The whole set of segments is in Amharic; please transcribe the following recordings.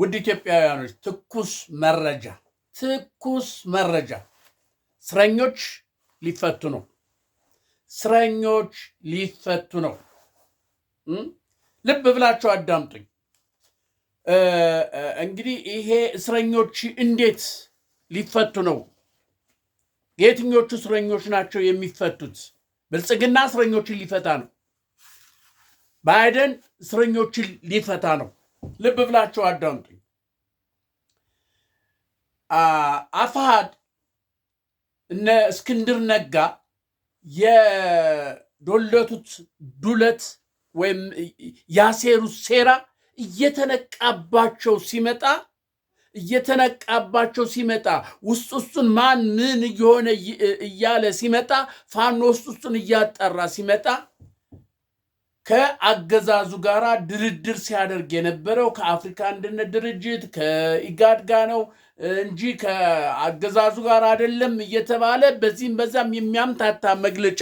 ውድ ኢትዮጵያውያኖች ትኩስ መረጃ ትኩስ መረጃ፣ እስረኞች ሊፈቱ ነው። እስረኞች ሊፈቱ ነው። ልብ ብላችሁ አዳምጡኝ። እንግዲህ ይሄ እስረኞች እንዴት ሊፈቱ ነው? የትኞቹ እስረኞች ናቸው የሚፈቱት? ብልጽግና እስረኞችን ሊፈታ ነው። ባይደን እስረኞችን ሊፈታ ነው። ልብ ብላችሁ አዳምጡኝ። አፋሃድ እነ እስክንድር ነጋ የዶለቱት ዱለት ወይም ያሴሩት ሴራ እየተነቃባቸው ሲመጣ እየተነቃባቸው ሲመጣ ውስጥ ውስጡን ማን ምን እየሆነ እያለ ሲመጣ ፋኖ ውስጥ ውስጡን እያጠራ ሲመጣ ከአገዛዙ ጋር ድርድር ሲያደርግ የነበረው ከአፍሪካ አንድነት ድርጅት ከኢጋድ ጋር ነው እንጂ ከአገዛዙ ጋር አይደለም እየተባለ በዚህም በዛም የሚያምታታ መግለጫ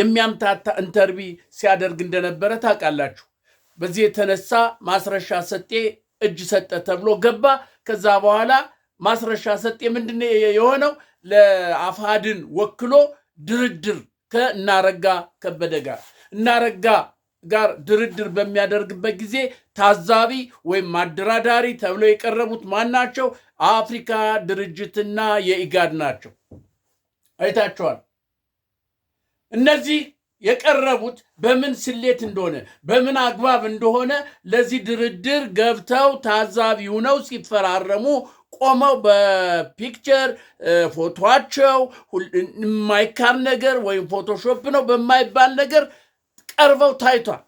የሚያምታታ ኢንተርቪ ሲያደርግ እንደነበረ ታውቃላችሁ። በዚህ የተነሳ ማስረሻ ሰጤ እጅ ሰጠ ተብሎ ገባ። ከዛ በኋላ ማስረሻ ሰጤ ምንድን የሆነው ለአፋድን ወክሎ ድርድር ከእናረጋ ከበደ ጋር እናረጋ ጋር ድርድር በሚያደርግበት ጊዜ ታዛቢ ወይም አደራዳሪ ተብለው የቀረቡት ማን ናቸው? አፍሪካ ድርጅትና የኢጋድ ናቸው። አይታቸዋል እነዚህ የቀረቡት በምን ስሌት እንደሆነ በምን አግባብ እንደሆነ ለዚህ ድርድር ገብተው ታዛቢ ሆነው ሲፈራረሙ ቆመው በፒክቸር ፎቶቸው የማይካድ ነገር ወይም ፎቶሾፕ ነው በማይባል ነገር ቀርበው ታይቷል።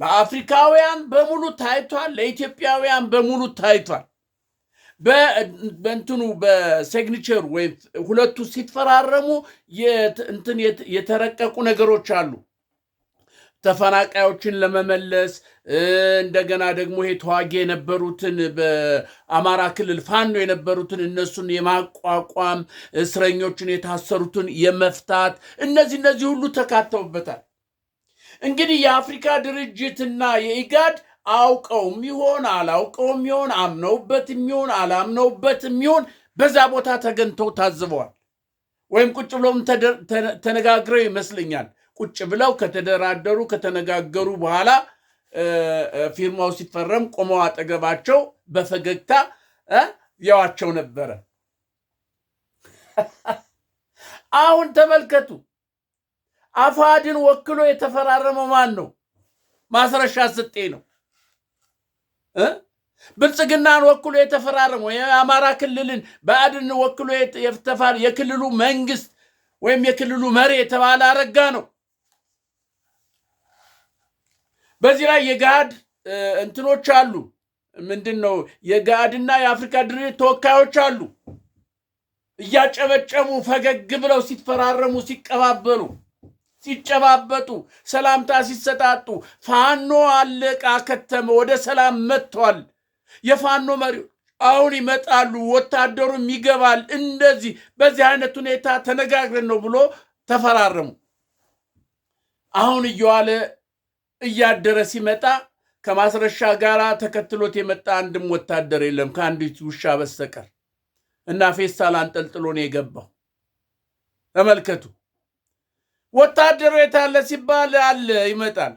ለአፍሪካውያን በሙሉ ታይቷል። ለኢትዮጵያውያን በሙሉ ታይቷል። በእንትኑ በሴግኒቸር ወይም ሁለቱ ሲፈራረሙ እንትን የተረቀቁ ነገሮች አሉ። ተፈናቃዮችን ለመመለስ እንደገና ደግሞ ይሄ ተዋጊ የነበሩትን በአማራ ክልል ፋኖ የነበሩትን እነሱን የማቋቋም እስረኞችን የታሰሩትን የመፍታት እነዚህ እነዚህ ሁሉ ተካተውበታል። እንግዲህ የአፍሪካ ድርጅትና የኢጋድ አውቀውም ይሆን አላውቀውም ይሆን አምነውበትም ይሆን አላምነውበትም ይሆን በዛ ቦታ ተገኝተው ታዝበዋል፣ ወይም ቁጭ ብሎም ተነጋግረው ይመስለኛል። ቁጭ ብለው ከተደራደሩ ከተነጋገሩ በኋላ ፊርማው ሲፈረም ቆመው አጠገባቸው በፈገግታ ያዋቸው ነበረ። አሁን ተመልከቱ፣ አፋድን ወክሎ የተፈራረመው ማን ነው? ማስረሻ ስጤ ነው። ብልጽግናን ወክሎ የተፈራረመው የአማራ ክልልን ብአዴንን ወክሎ የክልሉ መንግስት ወይም የክልሉ መሪ የተባለ አረጋ ነው። በዚህ ላይ የጋድ እንትኖች አሉ። ምንድን ነው የጋድና የአፍሪካ ድርጅት ተወካዮች አሉ። እያጨበጨቡ ፈገግ ብለው ሲፈራረሙ፣ ሲቀባበሉ፣ ሲጨባበጡ፣ ሰላምታ ሲሰጣጡ ፋኖ አለቃ ከተመ ወደ ሰላም መጥቷል። የፋኖ መሪዎች አሁን ይመጣሉ፣ ወታደሩም ይገባል። እንደዚህ በዚህ አይነት ሁኔታ ተነጋግረን ነው ብሎ ተፈራረሙ። አሁን እየዋለ እያደረ ሲመጣ ከማስረሻ ጋር ተከትሎት የመጣ አንድም ወታደር የለም ከአንዲት ውሻ በስተቀር እና ፌስታል አንጠልጥሎ ነው የገባው። ተመልከቱ። ወታደሩ የታለ ሲባል አለ ይመጣል።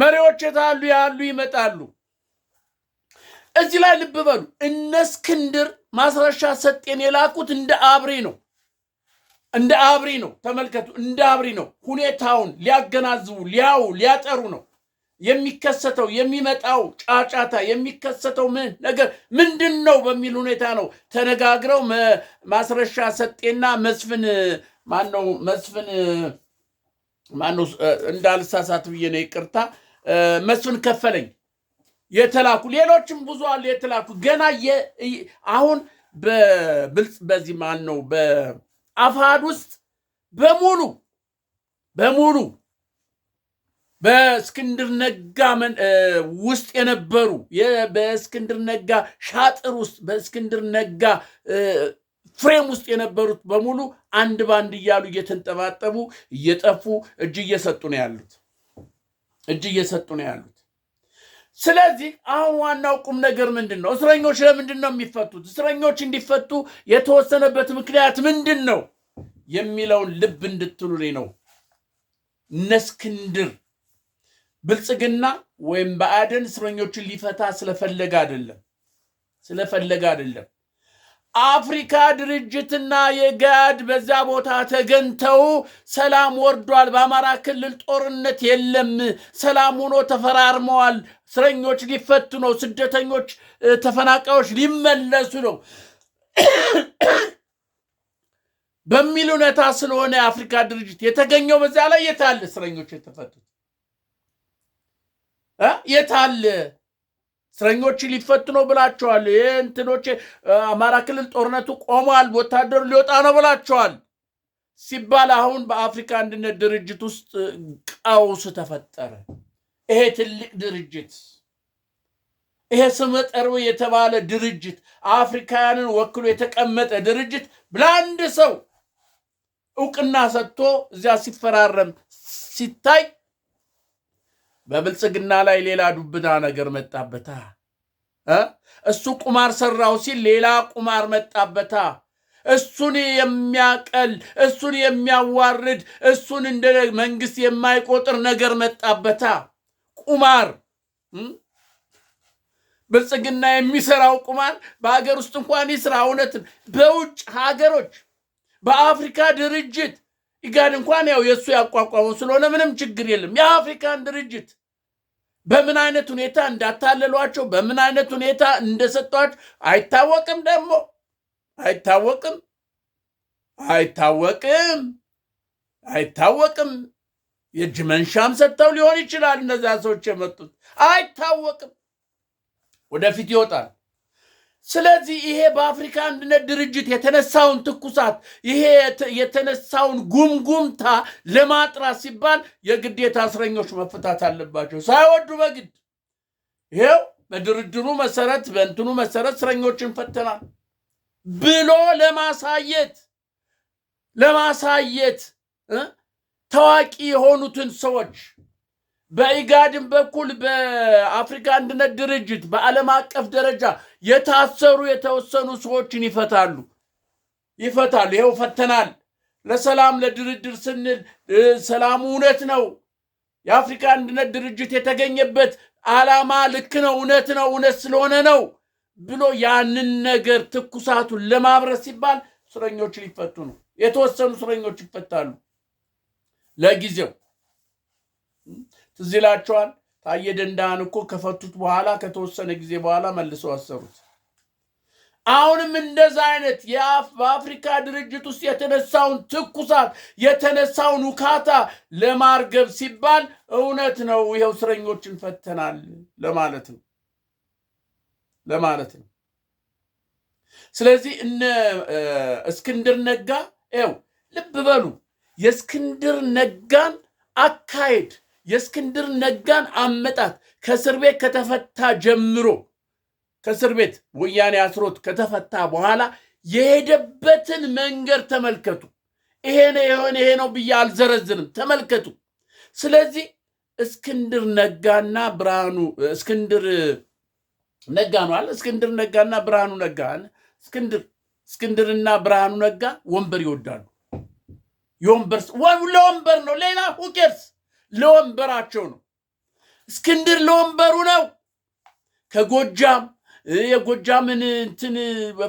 መሪዎች የታሉ ያሉ ይመጣሉ። እዚህ ላይ ልብ በሉ። እነ እስክንድር ማስረሻ ሰጤን የላኩት እንደ አብሬ ነው። እንደ አብሪ ነው። ተመልከቱ፣ እንደ አብሪ ነው። ሁኔታውን ሊያገናዝቡ ሊያው ሊያጠሩ ነው። የሚከሰተው የሚመጣው ጫጫታ የሚከሰተው ምን ነገር ምንድን ነው በሚል ሁኔታ ነው ተነጋግረው ማስረሻ ሰጤና መስፍን ማነው መስፍን ማነው እንዳልሳሳት ብዬ ነው ይቅርታ፣ መስፍን ከፈለኝ የተላኩ ሌሎችም ብዙ አሉ የተላኩ ገና አሁን በብልጽ በዚህ ማነው ነው አፋሕድ ውስጥ በሙሉ በሙሉ በእስክንድር ነጋ ውስጥ የነበሩ በእስክንድር ነጋ ሻጥር ውስጥ በእስክንድር ነጋ ፍሬም ውስጥ የነበሩት በሙሉ አንድ ባንድ እያሉ እየተንጠባጠቡ እየጠፉ እጅ እየሰጡ ነው ያሉት እጅ እየሰጡ ነው ያሉት። ስለዚህ አሁን ዋናው ቁም ነገር ምንድን ነው? እስረኞች ለምንድን ነው የሚፈቱት? እስረኞች እንዲፈቱ የተወሰነበት ምክንያት ምንድን ነው የሚለውን ልብ እንድትሉልኝ ነው። እነ እስክንድር ብልጽግና ወይም ብአዴን እስረኞችን ሊፈታ ስለፈለገ አይደለም ስለፈለገ አይደለም አፍሪካ ድርጅትና የጋድ በዛ ቦታ ተገንተው ሰላም ወርዷል፣ በአማራ ክልል ጦርነት የለም፣ ሰላም ሆኖ ተፈራርመዋል፣ እስረኞች ሊፈቱ ነው፣ ስደተኞች ተፈናቃዮች ሊመለሱ ነው በሚል ሁኔታ ስለሆነ የአፍሪካ ድርጅት የተገኘው። በዛ ላይ የታለ እስረኞች የተፈቱት የታለ እስረኞች ሊፈቱ ነው ብላቸዋል። ይህ እንትኖች አማራ ክልል ጦርነቱ ቆሟል፣ ወታደሩ ሊወጣ ነው ብላቸዋል ሲባል አሁን በአፍሪካ አንድነት ድርጅት ውስጥ ቀውስ ተፈጠረ። ይሄ ትልቅ ድርጅት ይሄ ስመጠርብ የተባለ ድርጅት አፍሪካውያንን ወክሎ የተቀመጠ ድርጅት ብላንድ ሰው እውቅና ሰጥቶ እዚያ ሲፈራረም ሲታይ በብልጽግና ላይ ሌላ ዱብዳ ነገር መጣበታ። እሱ ቁማር ሰራው ሲል ሌላ ቁማር መጣበታ። እሱን የሚያቀል እሱን የሚያዋርድ እሱን እንደ መንግስት የማይቆጥር ነገር መጣበታ። ቁማር ብልጽግና የሚሰራው ቁማር በሀገር ውስጥ እንኳን ይስራ፣ እውነትም በውጭ ሀገሮች በአፍሪካ ድርጅት ኢጋድ እንኳን ያው የእሱ ያቋቋመው ስለሆነ ምንም ችግር የለም። የአፍሪካን ድርጅት በምን አይነት ሁኔታ እንዳታለሏቸው በምን አይነት ሁኔታ እንደሰጧቸው አይታወቅም። ደግሞ አይታወቅም አይታወቅም አይታወቅም። የእጅ መንሻም ሰጥተው ሊሆን ይችላል እነዚያ ሰዎች የመጡት አይታወቅም። ወደፊት ይወጣል። ስለዚህ ይሄ በአፍሪካ አንድነት ድርጅት የተነሳውን ትኩሳት ይሄ የተነሳውን ጉምጉምታ ለማጥራት ሲባል የግዴታ እስረኞች መፈታት አለባቸው፣ ሳይወዱ በግድ ይሄው በድርድሩ መሰረት በእንትኑ መሰረት እስረኞችን ፈተናል ብሎ ለማሳየት ለማሳየት ታዋቂ የሆኑትን ሰዎች በኢጋድን በኩል በአፍሪካ አንድነት ድርጅት በዓለም አቀፍ ደረጃ የታሰሩ የተወሰኑ ሰዎችን ይፈታሉ ይፈታሉ። ይኸው ፈተናል። ለሰላም ለድርድር ስንል ሰላሙ እውነት ነው። የአፍሪካ አንድነት ድርጅት የተገኘበት ዓላማ ልክ ነው፣ እውነት ነው፣ እውነት ስለሆነ ነው ብሎ ያንን ነገር ትኩሳቱን ለማብረስ ሲባል እስረኞች ሊፈቱ ነው። የተወሰኑ እስረኞች ይፈታሉ ለጊዜው ትዝ ይላችኋል። ታዬ ደንዳን እኮ ከፈቱት በኋላ ከተወሰነ ጊዜ በኋላ መልሰው አሰሩት። አሁንም እንደዛ አይነት በአፍሪካ ድርጅት ውስጥ የተነሳውን ትኩሳት የተነሳውን ውካታ ለማርገብ ሲባል እውነት ነው ይኸው እስረኞችን ፈተናል ለማለት ነው ለማለት ነው። ስለዚህ እነ እስክንድር ነጋ ው ልብ በሉ የእስክንድር ነጋን አካሄድ የእስክንድር ነጋን አመጣት ከእስር ቤት ከተፈታ ጀምሮ ከእስር ቤት ወያኔ አስሮት ከተፈታ በኋላ የሄደበትን መንገድ ተመልከቱ። ይሄ ነው የሆነ ይሄ ነው ብዬ አልዘረዝንም፣ ተመልከቱ። ስለዚህ እስክንድር ነጋና ብርሃኑ እስክንድር ነጋ ነው አለ እስክንድር ነጋና ብርሃኑ ነጋ አለ እስክንድር እስክንድርና ብርሃኑ ነጋ ወንበር ይወዳሉ። የወንበር ለወንበር ነው ሌላ ሁኬርስ ለወንበራቸው ነው። እስክንድር ለወንበሩ ነው። ከጎጃም የጎጃምን እንትን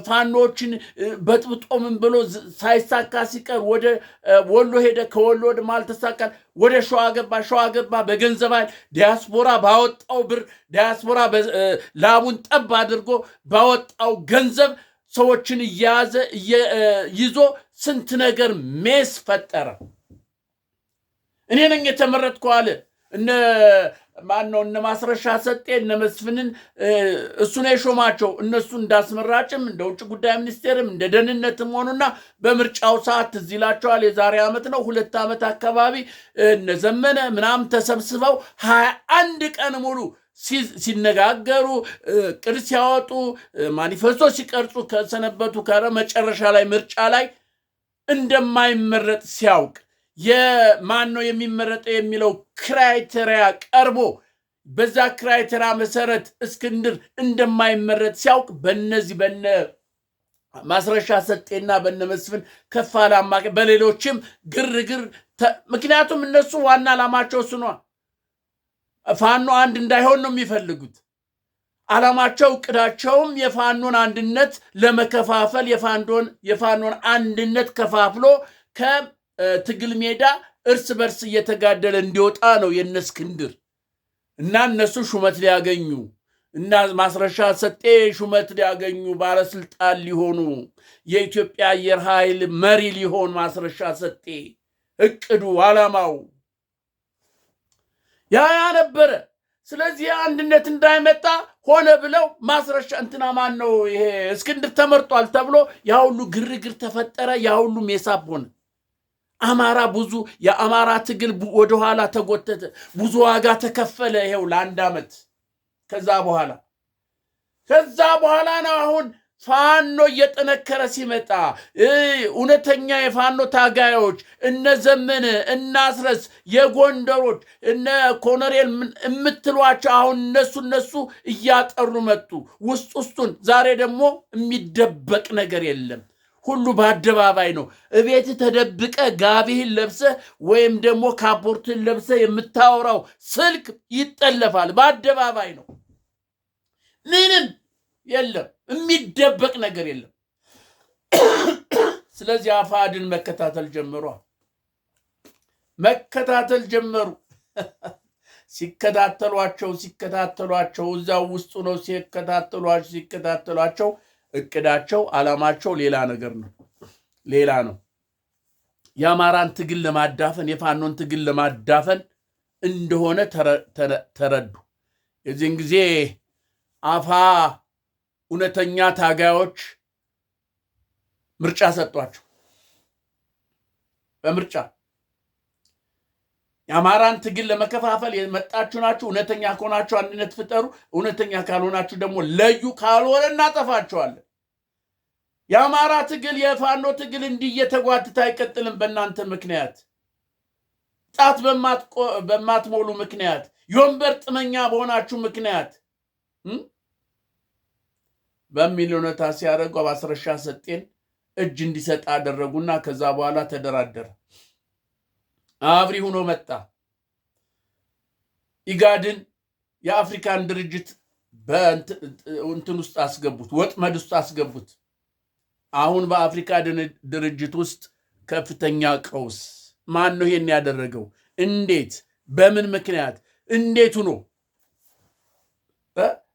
ፋኖችን በጥብጦምን ብሎ ሳይሳካ ሲቀር ወደ ወሎ ሄደ። ከወሎ ማል አልተሳካል፣ ወደ ሸዋ ገባ። ሸዋ ገባ በገንዘብ ኃይል ዲያስፖራ ባወጣው ብር ዲያስፖራ ላቡን ጠብ አድርጎ ባወጣው ገንዘብ ሰዎችን እየያዘ ይዞ ስንት ነገር ሜስ ፈጠረ። እኔ ነኝ የተመረጥኩ አለ። እነ ማን ነው እነ ማስረሻ ሰጤ እነ መስፍንን እሱ ነው የሾማቸው። እነሱ እንዳስመራጭም እንደ ውጭ ጉዳይ ሚኒስቴርም እንደ ደህንነትም ሆኑና በምርጫው ሰዓት ትዝ ይላቸዋል። የዛሬ ዓመት ነው ሁለት ዓመት አካባቢ እነ ዘመነ ምናም ተሰብስበው ሀያ አንድ ቀን ሙሉ ሲነጋገሩ ቅድ ሲያወጡ ማኒፌስቶ ሲቀርጹ ከሰነበቱ ከረ መጨረሻ ላይ ምርጫ ላይ እንደማይመረጥ ሲያውቅ የማን ነው የሚመረጠው የሚለው ክራይቴሪያ ቀርቦ በዛ ክራይቴሪያ መሰረት እስክንድር እንደማይመረጥ ሲያውቅ በነዚህ በነ ማስረሻ ሰጤና በነ መስፍን ከፍ አለ አማካ በሌሎችም ግርግር። ምክንያቱም እነሱ ዋና አላማቸው ስኗ ፋኖ አንድ እንዳይሆን ነው የሚፈልጉት። አላማቸው እቅዳቸውም የፋኖን አንድነት ለመከፋፈል የፋኖን አንድነት ከፋፍሎ ትግል ሜዳ እርስ በርስ እየተጋደለ እንዲወጣ ነው የነ እስክንድር እና እነሱ ሹመት ሊያገኙ እና ማስረሻ ሰጤ ሹመት ሊያገኙ ባለስልጣን ሊሆኑ የኢትዮጵያ አየር ኃይል መሪ ሊሆን ማስረሻ ሰጤ እቅዱ አላማው ያ ያ ነበረ። ስለዚህ አንድነት እንዳይመጣ ሆነ ብለው ማስረሻ እንትና ማን ነው ይሄ እስክንድር ተመርጧል ተብሎ ያ ሁሉ ግርግር ተፈጠረ። ያ ሁሉ ሜሳብ ሆነ። አማራ ብዙ የአማራ ትግል ወደኋላ ተጎተተ፣ ብዙ ዋጋ ተከፈለ። ይሄው ለአንድ ዓመት ከዛ በኋላ ከዛ በኋላ ነው አሁን ፋኖ እየጠነከረ ሲመጣ እውነተኛ የፋኖ ታጋዮች እነ ዘመነ እነ አስረስ የጎንደሮች እነ ኮሎኔል የምትሏቸው አሁን እነሱ እነሱ እያጠሩ መጡ ውስጥ ውስጡን። ዛሬ ደግሞ የሚደበቅ ነገር የለም። ሁሉ በአደባባይ ነው። እቤት ተደብቀ ጋቢህን ለብሰ ወይም ደግሞ ካፖርትን ለብሰ የምታወራው ስልክ ይጠለፋል። በአደባባይ ነው። ምንም የለም፣ የሚደበቅ ነገር የለም። ስለዚህ አፋድን መከታተል ጀመሯ። መከታተል ጀመሩ። ሲከታተሏቸው ሲከታተሏቸው እዛው ውስጡ ነው ሲከታተሏቸው ሲከታተሏቸው እቅዳቸው፣ አላማቸው ሌላ ነገር ነው፣ ሌላ ነው። የአማራን ትግል ለማዳፈን የፋኖን ትግል ለማዳፈን እንደሆነ ተረዱ። የዚህን ጊዜ አፋ እውነተኛ ታጋዮች ምርጫ ሰጧቸው በምርጫ የአማራን ትግል ለመከፋፈል የመጣችሁ ናችሁ። እውነተኛ ከሆናችሁ አንድነት ፍጠሩ፣ እውነተኛ ካልሆናችሁ ደግሞ ለዩ፣ ካልሆነ እናጠፋችኋለን። የአማራ ትግል የፋኖ ትግል እንዲህ አይቀጥልም። በእናንተ ምክንያት ጣት በማትሞሉ ምክንያት የወንበር ጥመኛ በሆናችሁ ምክንያት በሚል እውነታ ሲያደርጉ አባስረሻ ሰጤን እጅ እንዲሰጥ አደረጉና ከዛ በኋላ ተደራደረ። አብሪ ሆኖ መጣ። ኢጋድን የአፍሪካን ድርጅት በእንትን ውስጥ አስገቡት፣ ወጥመድ ውስጥ አስገቡት። አሁን በአፍሪካ ድርጅት ውስጥ ከፍተኛ ቀውስ። ማን ነው ይሄን ያደረገው? እንዴት? በምን ምክንያት? እንዴት ሆኖ?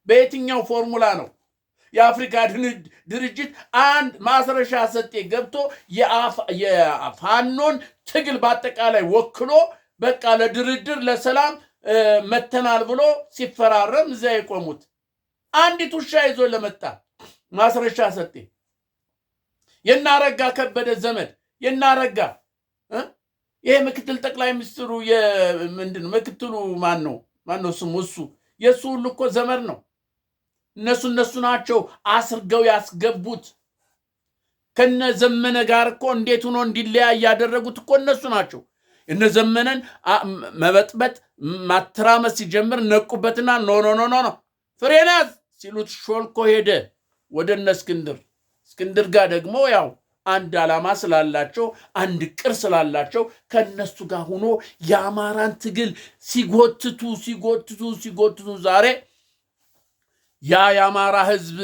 በየትኛው ፎርሙላ ነው? የአፍሪካ ድርጅት አንድ ማስረሻ ሰጤ ገብቶ የፋኖን ትግል በአጠቃላይ ወክሎ በቃ ለድርድር ለሰላም መተናል ብሎ ሲፈራረም እዚያ የቆሙት አንዲት ውሻ ይዞ ለመጣ ማስረሻ ሰጤ የናረጋ ከበደ ዘመድ የናረጋ ይሄ ምክትል ጠቅላይ ሚኒስትሩ ምንድን ምክትሉ ማን ነው ማን ነው ስሙ እሱ የእሱ ሁሉ እኮ ዘመድ ነው እነሱ እነሱ ናቸው አስርገው ያስገቡት። ከነ ዘመነ ጋር እኮ እንዴት ሆኖ እንዲለያይ ያደረጉት እኮ እነሱ ናቸው። እነ ዘመነን መበጥበጥ ማተራመስ ሲጀምር ነቁበትና ኖ ኖ ኖ ኖ ፍሬናዝ ሲሉት ሾልኮ ሄደ ወደ እነ እስክንድር። እስክንድር ጋር ደግሞ ያው አንድ ዓላማ ስላላቸው አንድ ቅር ስላላቸው ከእነሱ ጋር ሆኖ የአማራን ትግል ሲጎትቱ ሲጎትቱ ሲጎትቱ ዛሬ ያ የአማራ ህዝብ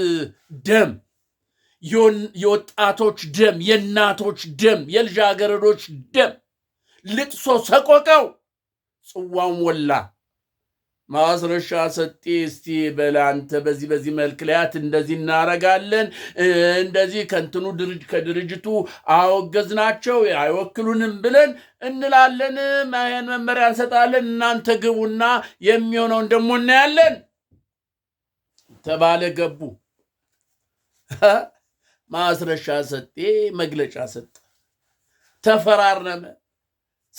ደም፣ የወጣቶች ደም፣ የእናቶች ደም፣ የልጃገረዶች ደም፣ ልቅሶ ሰቆቀው ጽዋውን ወላ ማስረሻ ሰጤ እስቲ በላንተ በዚህ በዚህ መልክ ላያት እንደዚህ እናረጋለን እንደዚህ ከንትኑ ከድርጅቱ አወገዝናቸው አይወክሉንም ብለን እንላለን። መመሪያ እንሰጣለን። እናንተ ግቡና የሚሆነውን ደግሞ እናያለን። ተባለ ገቡ። ማስረሻ ሰጤ መግለጫ ሰጠ፣ ተፈራረመ።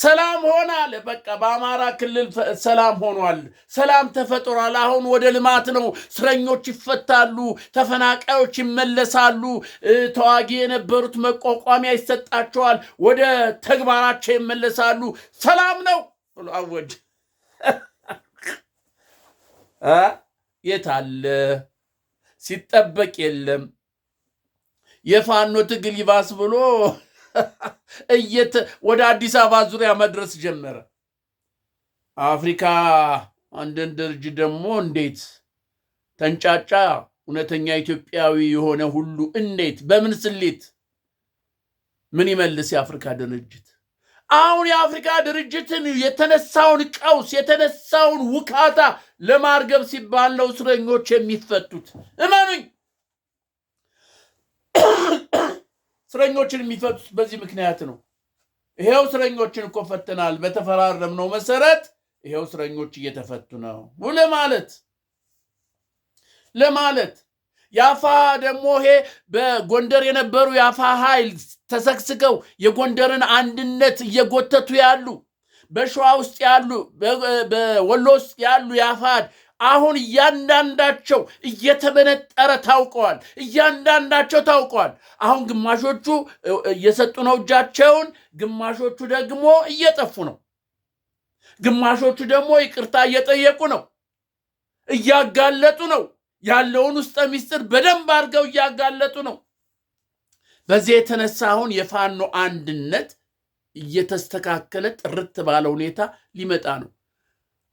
ሰላም ሆነ አለ። በቃ በአማራ ክልል ሰላም ሆኗል። ሰላም ተፈጥሯል። አሁን ወደ ልማት ነው። እስረኞች ይፈታሉ፣ ተፈናቃዮች ይመለሳሉ፣ ተዋጊ የነበሩት መቋቋሚያ ይሰጣቸዋል፣ ወደ ተግባራቸው ይመለሳሉ። ሰላም ነው ብሎ የት አለ? ሲጠበቅ የለም። የፋኖ ትግል ይባስ ብሎ ወደ አዲስ አበባ ዙሪያ መድረስ ጀመረ። አፍሪካ አንድን ድርጅት ደግሞ እንዴት ተንጫጫ? እውነተኛ ኢትዮጵያዊ የሆነ ሁሉ እንዴት በምን ስሌት ምን ይመልስ የአፍሪካ ድርጅት? አሁን የአፍሪካ ድርጅትን የተነሳውን ቀውስ የተነሳውን ውካታ ለማርገብ ሲባል ነው እስረኞች የሚፈቱት። እመኑኝ፣ እስረኞችን የሚፈቱት በዚህ ምክንያት ነው። ይሄው እስረኞችን እኮ ፈትናል፣ በተፈራረምነው መሰረት ይሄው እስረኞች እየተፈቱ ነው ለማለት ለማለት ያፋ ደግሞ ይሄ በጎንደር የነበሩ የአፋ ኃይል ተሰግስገው የጎንደርን አንድነት እየጎተቱ ያሉ በሸዋ ውስጥ ያሉ በወሎ ውስጥ ያሉ የአፋድ አሁን እያንዳንዳቸው እየተመነጠረ ታውቀዋል። እያንዳንዳቸው ታውቀዋል። አሁን ግማሾቹ እየሰጡ ነው እጃቸውን፣ ግማሾቹ ደግሞ እየጠፉ ነው። ግማሾቹ ደግሞ ይቅርታ እየጠየቁ ነው፣ እያጋለጡ ነው። ያለውን ውስጠ ሚስጥር በደንብ አድርገው እያጋለጡ ነው። በዚህ የተነሳ አሁን የፋኖ አንድነት እየተስተካከለ ጥርት ባለ ሁኔታ ሊመጣ ነው።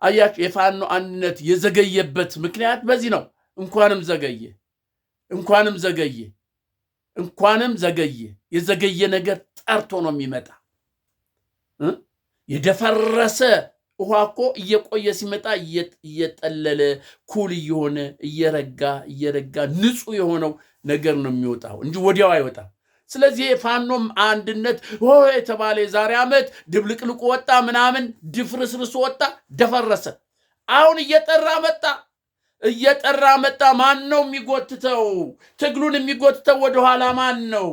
አያችሁ፣ የፋኖ አንድነት የዘገየበት ምክንያት በዚህ ነው። እንኳንም ዘገየ፣ እንኳንም ዘገየ፣ እንኳንም ዘገየ። የዘገየ ነገር ጠርቶ ነው የሚመጣ የደፈረሰ ውሃ እኮ እየቆየ ሲመጣ እየጠለለ ኩል እየሆነ እየረጋ እየረጋ ንጹህ የሆነው ነገር ነው የሚወጣው እንጂ ወዲያው አይወጣም። ስለዚህ የፋኖም አንድነት ሆ የተባለ የዛሬ ዓመት ድብልቅልቁ ወጣ፣ ምናምን ድፍርስርሱ ወጣ፣ ደፈረሰ። አሁን እየጠራ መጣ እየጠራ መጣ። ማን ነው የሚጎትተው? ትግሉን የሚጎትተው ወደኋላ ማን ነው?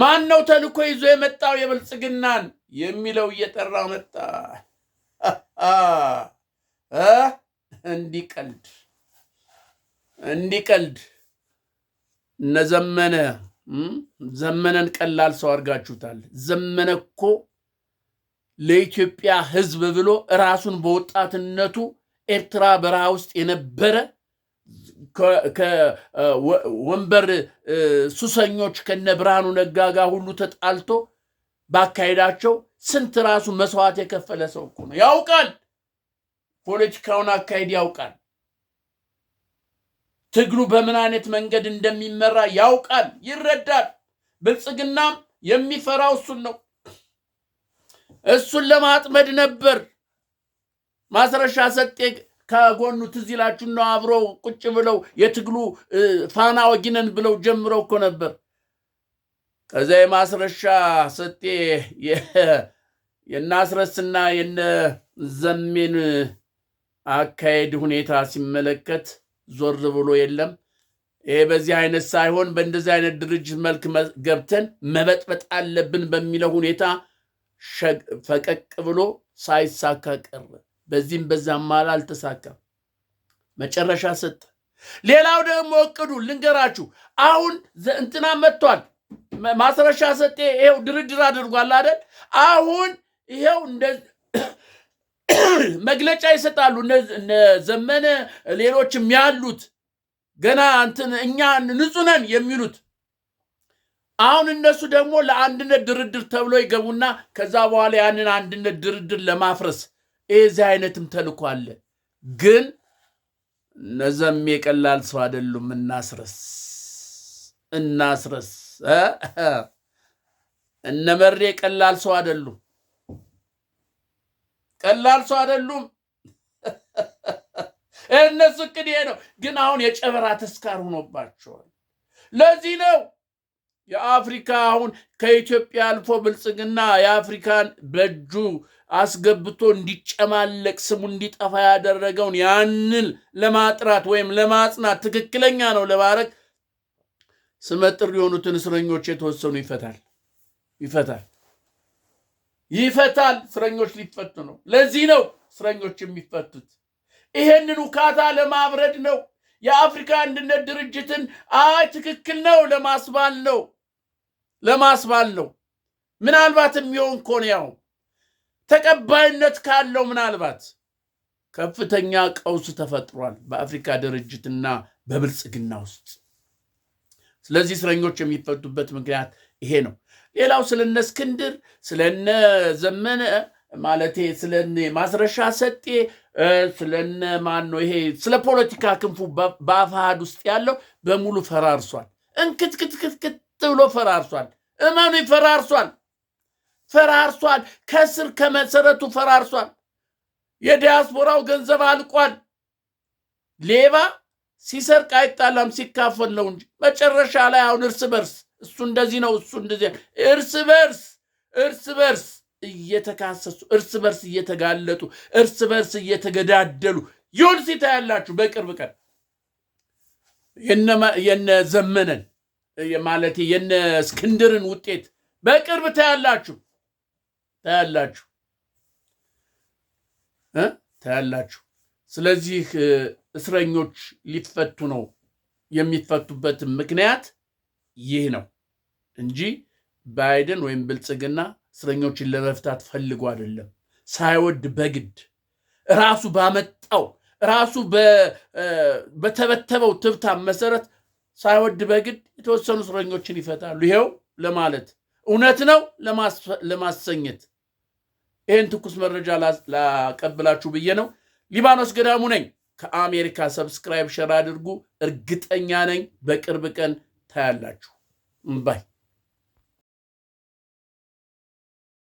ማን ነው ተልኮ ይዞ የመጣው የብልጽግናን የሚለው እየጠራ መጣ። እንዲቀልድ እንዲቀልድ እነ ዘመነን ቀላል ሰው አድርጋችሁታል። ዘመነ እኮ ለኢትዮጵያ ሕዝብ ብሎ ራሱን በወጣትነቱ ኤርትራ በረሃ ውስጥ የነበረ ወንበር ሱሰኞች ከነ ብርሃኑ ነጋ ጋር ሁሉ ተጣልቶ ባካሄዳቸው ስንት ራሱ መስዋዕት የከፈለ ሰው እኮ ነው። ያውቃል፣ ፖለቲካውን አካሄድ ያውቃል። ትግሉ በምን አይነት መንገድ እንደሚመራ ያውቃል፣ ይረዳል። ብልጽግናም የሚፈራው እሱን ነው። እሱን ለማጥመድ ነበር ማስረሻ ሰጤ ከጎኑ ትዝ ይላችሁ ነው። አብረው ቁጭ ብለው የትግሉ ፋና ወጊነን ብለው ጀምረው እኮ ነበር። ከዛ የማስረሻ ሰጤ የናስረስና የነ ዘሜን አካሄድ ሁኔታ ሲመለከት ዞር ብሎ የለም ይሄ በዚህ አይነት ሳይሆን በእንደዚህ አይነት ድርጅት መልክ ገብተን መበጥበጥ አለብን በሚለው ሁኔታ ፈቀቅ ብሎ ሳይሳካ ቀረ። በዚህም በዛም ማል አልተሳካም። መጨረሻ ሰጠ። ሌላው ደግሞ እቅዱ ልንገራችሁ። አሁን እንትና መጥቷል ማስረሻ ሰጤ ይኸው ድርድር አድርጓል አይደል? አሁን ይኸው መግለጫ ይሰጣሉ እነ ዘመነ ሌሎችም ያሉት ገና እንትን እኛ ንጹህ ነን የሚሉት አሁን እነሱ ደግሞ ለአንድነት ድርድር ተብሎ ይገቡና ከዛ በኋላ ያንን አንድነት ድርድር ለማፍረስ የዚህ አይነትም ተልኮ አለ። ግን ነዘም የቀላል ሰው አይደሉም። እናስረስ እናስረስ እነ መሬ ቀላል ሰው አይደሉም፣ ቀላል ሰው አይደሉም። እነሱ እቅድ ይሄ ነው፣ ግን አሁን የጨበራ ተስካር ሆኖባቸዋል። ለዚህ ነው የአፍሪካ አሁን ከኢትዮጵያ አልፎ ብልጽግና የአፍሪካን በእጁ አስገብቶ እንዲጨማለቅ ስሙ እንዲጠፋ ያደረገውን ያንን ለማጥራት ወይም ለማጽናት ትክክለኛ ነው ለማድረግ ስመጥር የሆኑትን እስረኞች የተወሰኑ ይፈታል ይፈታል ይፈታል። እስረኞች ሊፈቱ ነው። ለዚህ ነው እስረኞች የሚፈቱት። ይሄንን ውካታ ለማብረድ ነው። የአፍሪካ አንድነት ድርጅትን አይ ትክክል ነው ለማስባል ነው ለማስባል ነው። ምናልባት የሚሆን ኮን ያው ተቀባይነት ካለው ምናልባት ከፍተኛ ቀውስ ተፈጥሯል በአፍሪካ ድርጅትና በብልጽግና ውስጥ ስለዚህ እስረኞች የሚፈቱበት ምክንያት ይሄ ነው። ሌላው ስለነ እስክንድር ስለነ ዘመነ ማለቴ ስለነ ማስረሻ ሰጤ ስለነ ማን ነው ይሄ ስለ ፖለቲካ ክንፉ በአፋሃድ ውስጥ ያለው በሙሉ ፈራርሷል። እንክትክትክትክት ብሎ ፈራርሷል። እመኑ ፈራርሷል፣ ፈራርሷል። ከስር ከመሰረቱ ፈራርሷል። የዲያስፖራው ገንዘብ አልቋል። ሌባ ሲሰርቅ አይጣላም፣ ሲካፈል ነው እንጂ። መጨረሻ ላይ አሁን እርስ በርስ እሱ እንደዚህ ነው፣ እሱ እንደዚህ እርስ በርስ እርስ በርስ እየተካሰሱ እርስ በርስ እየተጋለጡ እርስ በርስ እየተገዳደሉ ይሁን ሲታ ያላችሁ በቅርብ ቀን የነ ዘመነን ማለት የነ እስክንድርን ውጤት በቅርብ ታያላችሁ ታያላችሁ ታያላችሁ። ስለዚህ እስረኞች ሊፈቱ ነው። የሚፈቱበት ምክንያት ይህ ነው እንጂ ባይደን ወይም ብልጽግና እስረኞችን ለመፍታት ፈልጎ አይደለም። ሳይወድ በግድ ራሱ ባመጣው ራሱ በተበተበው ትብታም መሰረት ሳይወድ በግድ የተወሰኑ እስረኞችን ይፈታሉ። ይኸው ለማለት እውነት ነው ለማሰኘት ይህን ትኩስ መረጃ ላቀብላችሁ ብዬ ነው። ሊባኖስ ገዳሙ ነኝ። ከአሜሪካ ሰብስክራይብ ሸር አድርጉ። እርግጠኛ ነኝ በቅርብ ቀን ታያላችሁ። ባይ